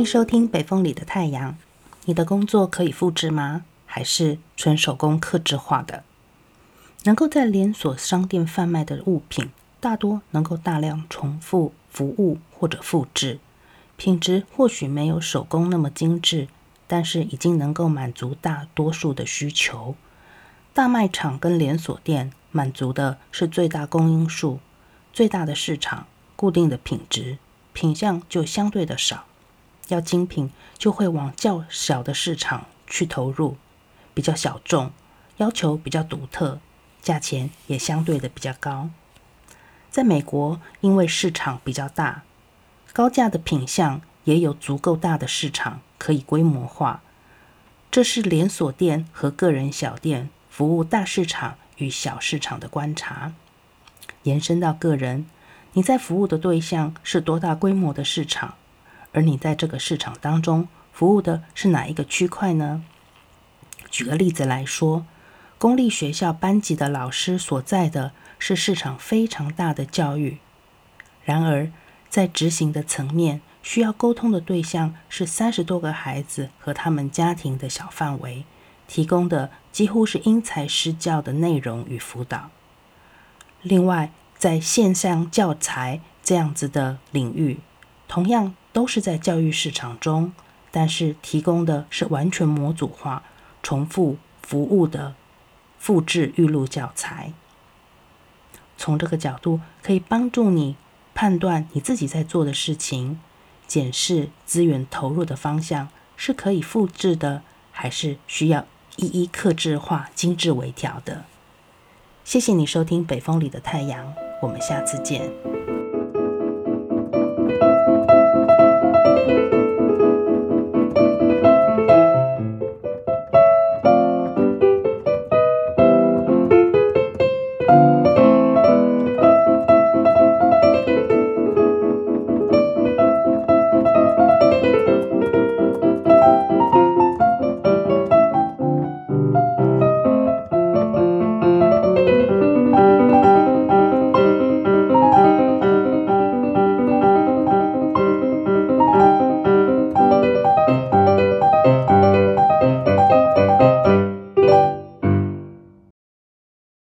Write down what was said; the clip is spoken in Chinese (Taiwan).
歡迎收聽北風裡的太陽。你的工作可以複製嗎？還是純手工客製化的？能夠在連鎖商店販賣的物品，大多能夠大量重複服務或者複製，品質或許沒有手工那麼精緻，但是已經能夠滿足大多數的需求。大賣場跟連鎖店滿足的是最大公因數、最大的市場、固定的品質、品項就相對的少。要精品，就會往較小的市場去投入，比較小眾，要求比較獨特，價錢也相對的比較高。在美國，因為市場比較大，高價的品相也有足夠大的市場可以規模化。這是連鎖店和個人小店服務大市場與小市場的觀察。延伸到個人，你在服務的對象是多大規模的市場？而你在這個市場當中服務的是哪一個區塊呢？舉個例子來說，公立學校班級的老師所在的是市場非常大的教育，然而在執行的層面，需要溝通的對象是三十多個孩子和他們家庭的小範圍，提供的幾乎是因材施教的內容與輔導。另外，在線上教材這樣子的領域，同樣，都是在教育市場中，但是提供的是完全模組化、重複服務的複製預錄教材。從這個角度，可以幫助你判斷你自己在做的事情，檢視資源投入的方向是可以複製的，還是需要一一客製化、精緻微調的。謝謝你收聽《北風裡的太陽》，我們下次見。